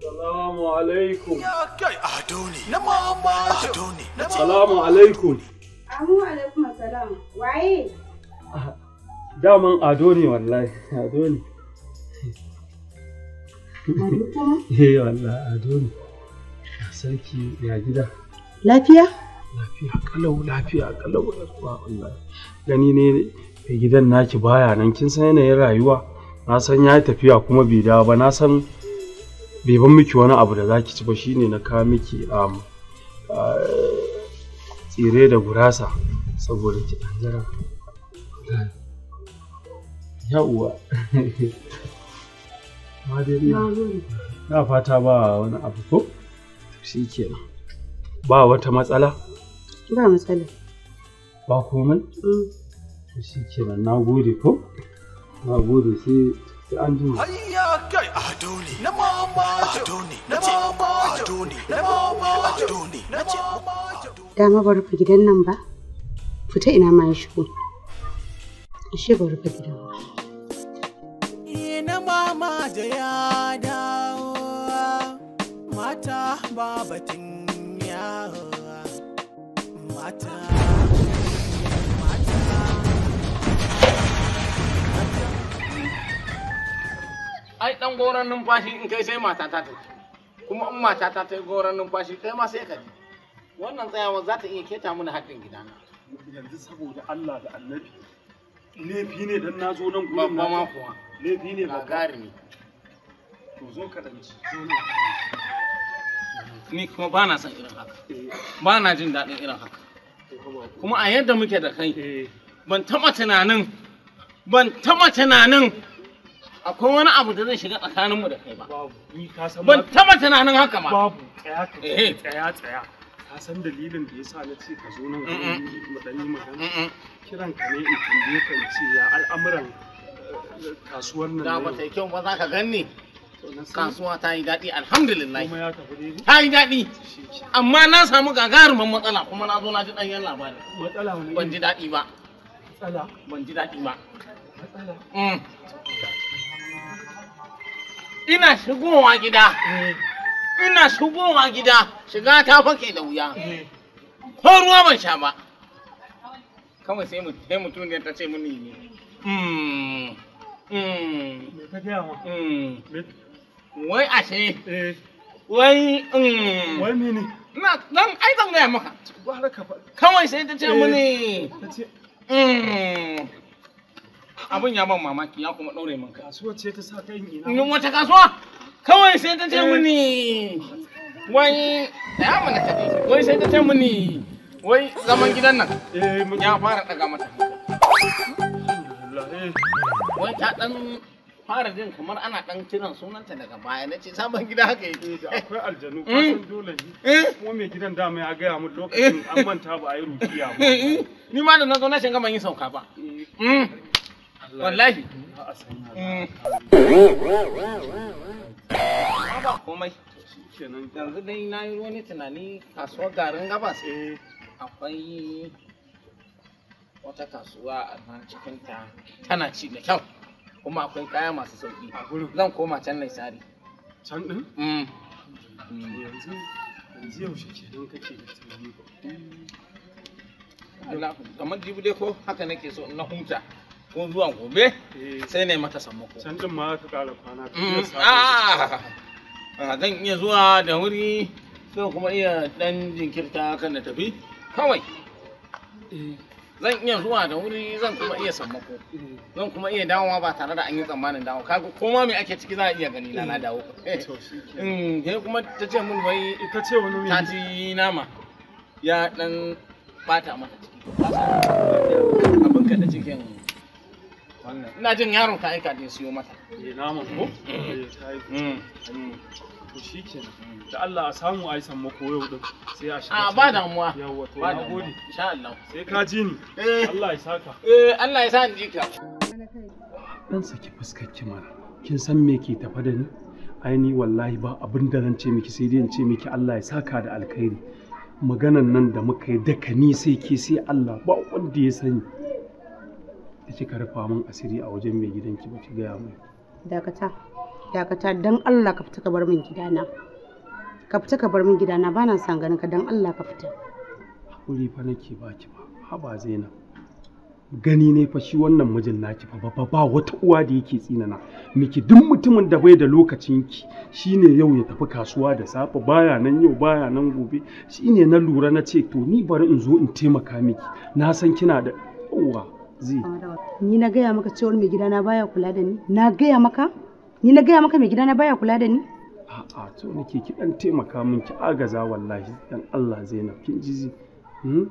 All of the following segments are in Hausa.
Salamu alaikum. Ya kai Adoni. Na mama Adoni. ne. Salamu alaikum. Amu alaikum assalam. Waye? Daman ado ne wallahi, ado ne. Eh wallahi Adoni. ne. Sarki ya gida. Lafiya? Lafiya kalau lafiya kalau wallahi. Gani ne gidan naki baya nan kin san yanayin rayuwa. Na san ya tafiya kuma bai dawo ba na san bai ban miki wani abu da zaki ci ba shine na ka miki um, uh, tsire da gurasa saboda ki ɗan yawwa na fata ba wani abu ko shi ke ba wata matsala ba matsala ba komai mm. shi kenan na gode ko na gode sai an ji kai na na dama ba gidan nan ba fita ina ma ya shigo ashe ba rufe gidan ba eh, na da ya dawo mata babatin yawa mata ai dan goran numfashi in kai sai mata ta ta kuma in mata ta ta goran numfashi kai ma sai ka ji wannan tsayawa za ta iya keta mini haƙin gidana yanzu saboda Allah da Annabi laifi ne dan nazo nan gurin babba ma kuwa laifi ne ba gari ne to zo ka danci ni kuma ba na son irin haka eh. ba na jin daɗin irin haka eh, kuma a yadda muke da kai eh. ban taɓa tunanin ban taɓa tunanin akwai wani abu da zai shiga tsakaninmu da kai ba. Ban taba tunanin haka ba. Babu, tsaya eh. tsaya. tsaya tsaya. Ka san dalilin da ya sa na ce ka zo nan dan yi magana. Kiran ka ne in tambaye ka in ce ya al'amuran eh, kasuwar nan. Da ba ta yi kyau ba za ka gan ni. Kasuwa ta yi daɗi alhamdulillah. Ta yi daɗi. Amma na samu gagarumin matsala kuma na zo na ji ɗanyen labari. Matsala wani? Ban ji daɗi ba. Matsala? Ban ji daɗi ba. Matsala? Mm. ina shigowa gida eh. ina shigowa gida shiga ta fake da wuya ko eh. ruwa ban sha ba kawai sai mu sai mutum ne ta ce mini ne hmm. Hmm. Hmm. wai ashe eh. wai wai mini na dan ai zan gaya maka kawai sai ta ce mini abin ya ban mamaki ya kuma ɗaure min kai. Kasuwa ce ta sa kai ina. Yin wata kasuwa? Kawai sai ta ce eh. mini wai ya mana ta wai sai ta ce mini wai zaman gidan nan eh, ya fara daga mata. Wai ta ɗan fara jin kamar ana ɗan kiran sunanta daga baya na ce Zaman gida haka yake. Eh, akwai aljanu kasan dole ne. Kuma mai gidan dama ya gaya min lokacin an manta ba a yi rukiya ba. Ni ma da na zo na shiga ban yi sauka ba. Mm. wallahi mm. ba komai yanzu dai na yi wani tunani kasuwar garin gabas eh. akwai wata kasuwa a nan cikin ta tana ci da kyau kuma akwai kaya masu sauki zan koma can mai sari can din mm. yanzu yaushe ke don kake da tunani kamar jibi dai ko haka nake so na huta ko zuwan gobe eh. sai na yi mata sammako can din ma ka kara kwana mm. a ah! ah, zan iya zuwa da wuri sai kuma iya dan jinkirta kan na tafi kawai eh. zan iya zuwa da wuri zan kuma iya sammako eh. zan kuma iya dawowa ba tare da an yi tsammanin dawo kaga koma me ake ciki za a iya gani na dawo mm, sai kuma ta ce mun wai ita ce wani ta ci nama ya dan bata mata ciki abin ka da cikin ina jin yaron ka aika din siyo mata eh naman ko mm. to shikenan da Allah a samu a yi sammako yau din sai a shiga a ah, ba damuwa yawa to ba da gode insha Allah sai ka ji ni eh Allah ya saka eh Allah ya sa ni jika dan saki fuskar ki mana kin san me ke tafa da ni aini wallahi ba abin da zan ce miki sai dai in ce miki Allah ya saka da alkhairi maganan nan da muka yi daka ni sai ke sai Allah ba wanda ya sani da kika rufa min asiri a wajen mai gidanki ba ki gaya mai dakata dakata dan Allah ka fita ka bar min gidana ka fita ka bar min gidana ba na san ganin ka dan Allah ka fita hakuri fa nake ki ba haba zaina. gani ne fa shi wannan mijin naki fa ba ba wata uwa da yake tsinana miki duk mutumin da bai da lokacin ki shine yau ya tafi kasuwa da safe baya nan yau baya nan gobe shine na lura na ce to ni bari in zo in taimaka miki na san kina da uwa ni na gaya maka cewar mai gidana baya kula da ni na gaya maka ni na gaya maka mai gidana baya kula da ni a'a to nake ki dan taimaka min ki agaza wallahi dan Allah Zainab kin ji zi hmm?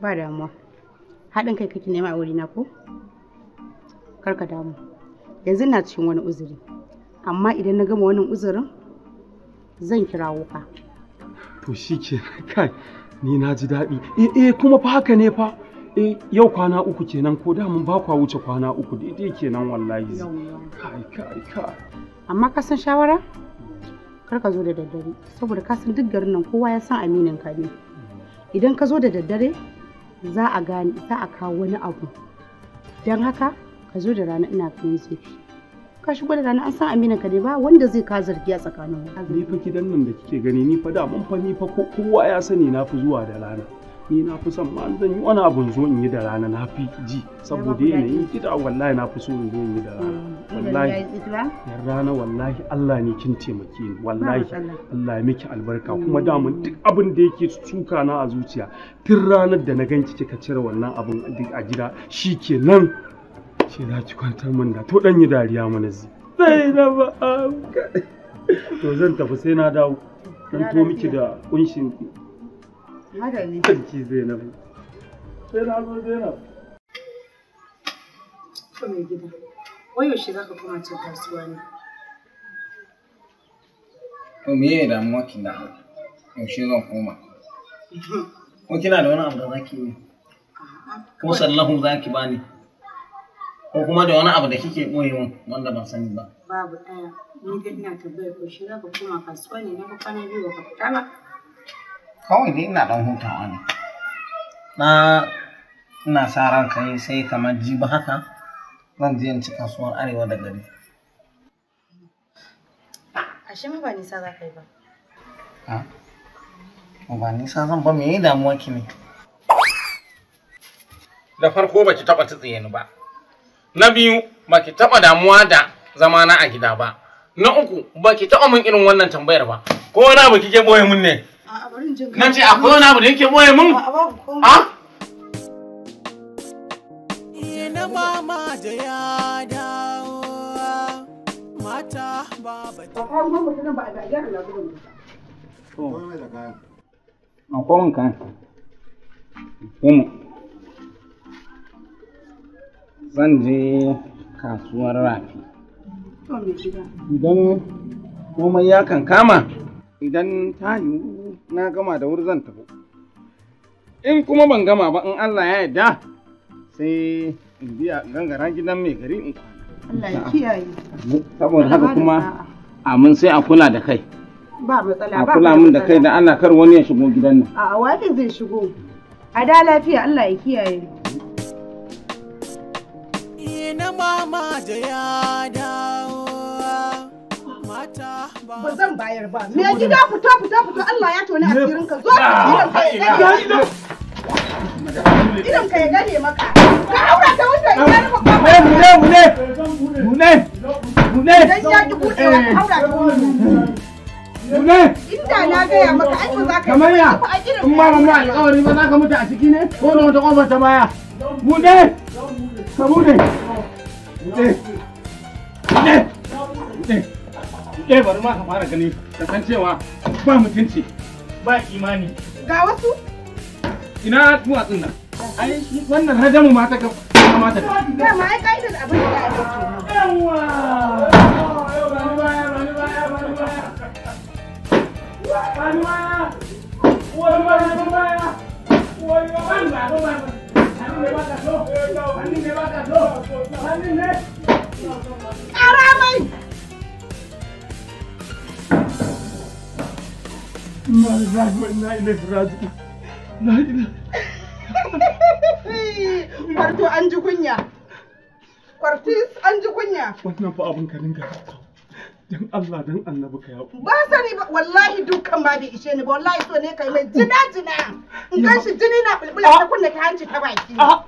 ba damuwa haɗin kai kake nema a wurina ko karka damu yanzu na cikin wani uzuri amma idan na gama wannan uzurin zan kirawo ka to shi ke kai ni na ji daɗi eh, eh kuma fa haka ne fa eh yau kwana uku kenan ko da mun ba kwa wuce kwana uku daidai kenan wallahi kai kai kai amma ka san shawara kar ka zo da daddare saboda ka san duk garin nan kowa ya san aminin ka ne idan ka zo da daddare za a gane za a kawo wani abu don haka ka zo da rana ina ganin sai ka shigo da rana an san amina ka ba wanda zai ka zargi a tsakanin ni fa gidan nan da kike gani ni fa da mun fa ni fa kowa ya sani na fi zuwa da rana ni na fi son ma zan yi wani abun zo in yi da rana na fi ji saboda yanayin gida wallahi na fi so in zo in yi da rana mm, wallahi yan rana wallahi Allah ne kin taimake ni wallahi Allah ya miki albarka mm. kuma mun duk abin da yake tsuka na a zuciya tun ranar da na ganki kika cire wannan abun a gida shikenan ce za ki kwantar min da to dan yi dariya mana zi sai na ba ah, to zan tafi sai na dawo dan to miki da kunshin ki haka zai na ba sai na zo Zainab to mai gida wai yaushe zaka koma cin kasuwa ne to me ya damuwa kin da yaushe zan koma ko kina da wani abu da zaki yi ko sallahu zaki bani ko kuma da wani abu da kike ɓoye min wanda ban sani ba. Babu ɗaya, mun ga ina tambayar ko shi za kuma kasuwa ne na kwana biyu ba ka fita ba. Kawai dai ina ɗan hutawa ne. Na ina sa ran kai sai kamar jibi haka zan je in ci kasuwar arewa da gari. Ashe ma ba nisa za ka yi ba. Ha? Ah, ba nisa zan ba me damuwa ki ne? Da farko ba ki taɓa tsitsiye ni ba. na biyu ba ki taɓa damuwa da zamana a gida ba na uku ba ki taɓa min irin wannan tambayar ba ko wani abu kike boye mun ne na ce akwai wani abu da yake boye mun a ah? eh, Ba mama da ba a Ko Ba mun zan je kasuwar rafi idan komai ya kan kama idan ta yiwu na gama da wuri zan tafi in kuma ban gama ba in allah ya yarda sai in biya gangara gidan mai gari in kwana allah ya kiyaye saboda haka kuma amin sai a kula da kai ba matsala ba a kula min da kai da allah kar wani ya shigo gidan nan a'a wani zai shigo a da lafiya allah ya kiyaye mama da ya dawo mata ba ba zan bayar ba me gida fito fito fito Allah ya tona asirin ah! ka zo ah! ka idan ka ya gane maka ka aura ta wanda ya rufe ba mune mune mune mune dan ya ki bude wa aura ta wanda Mune! Inda na gaya maka ai ba za ka yi ba a irin in ma ba mu alƙawari ba za ka mutu a ciki ne ko da wata ƙofar ta baya. Mune! Ka mune! Ɗe bari ma ka fara gani ka san cewa ba mutunci ba imani. Ga wasu? Ina duwatsun nan. Ai wannan rajamu ma ta kamata. Dama ai ka'idar abin da ya ake. Yawwa! Wani baya, wani baya, wani baya, wani baya, wani baya, wani baya, Kwarto an ji kunya. Kwartis an ji kunya. Wannan fa abin ka dinga. dan Allah dan annabi ka yaku ba sani ba wallahi dukan ba bai ishe ni ba wallahi so ne kai mai jina jina in gan shi jini na bulbula ta kunna ta hanci ta baki ah.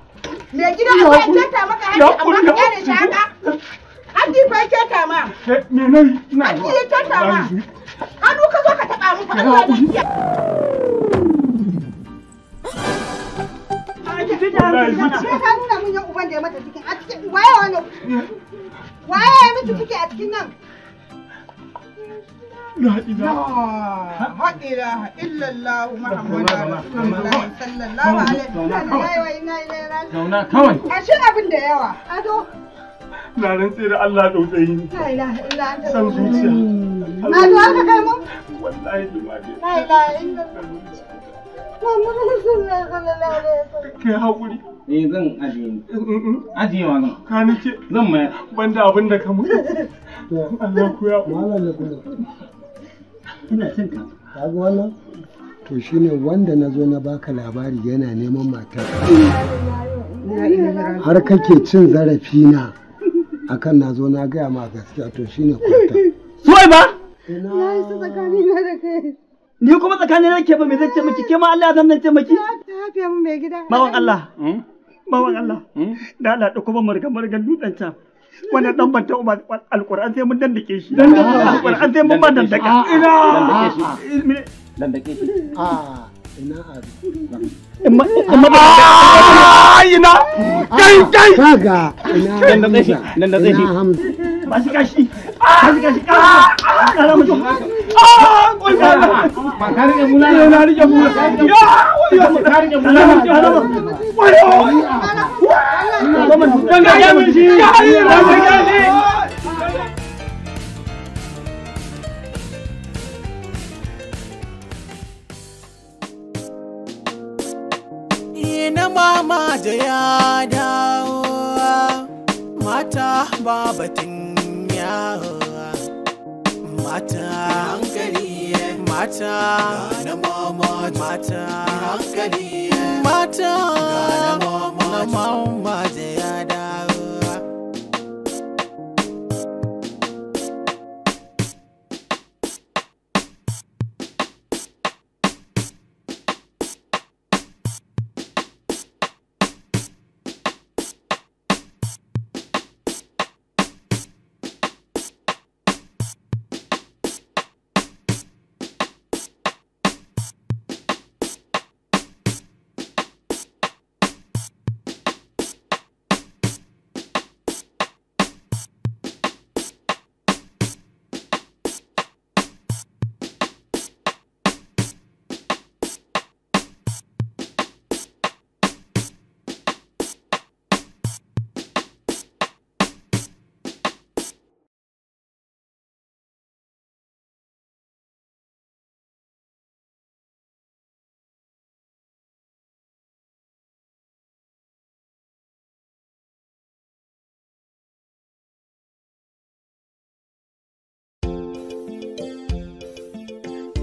me gida ba ya keta maka hanci amma ka gane shi haka Hadi fa ke ta ma me ne ina ba hanci ta ta ma hannu ka zo ka taba mu fa Allah ya ya a cikin waye wannan waye miki ciki a cikin nan لا إله إلا الله محمد رسول الله صلى الله عليه وسلم أشي أبن ديوا أدو na da Allah tsautsayi san zuciya na hmm. zo aka kai mu wallahi limaje kai hakuri eh, ne mm, mm, mm. ka nake da ka mutu Allah ina jin ka wannan to shine wanda na zo na baka labari yana neman matar har kake cin zarafi na akan na zo na gaya ma gaskiya to shine kwata suwai ba na su tsakani na da kai ni kuma tsakanin nake ba mai zai ce miki ke ma Allah zan nan ce miki ya mai gida bawan Allah hmm? bawan Allah hmm? da Allah da kuma marga margan dutsen can wannan dan banta alquran sai mun dandake shi alquran sai mun ba dandaka ina dandake shi a ina ah, a ah! ah! ina kai kai kaga ina dandake shi dandake shi ba shi kashi ba shi kashi ka ka Ina mama da ya mata babatin yawo mata hankali mata na mama mata hankali mata na mama da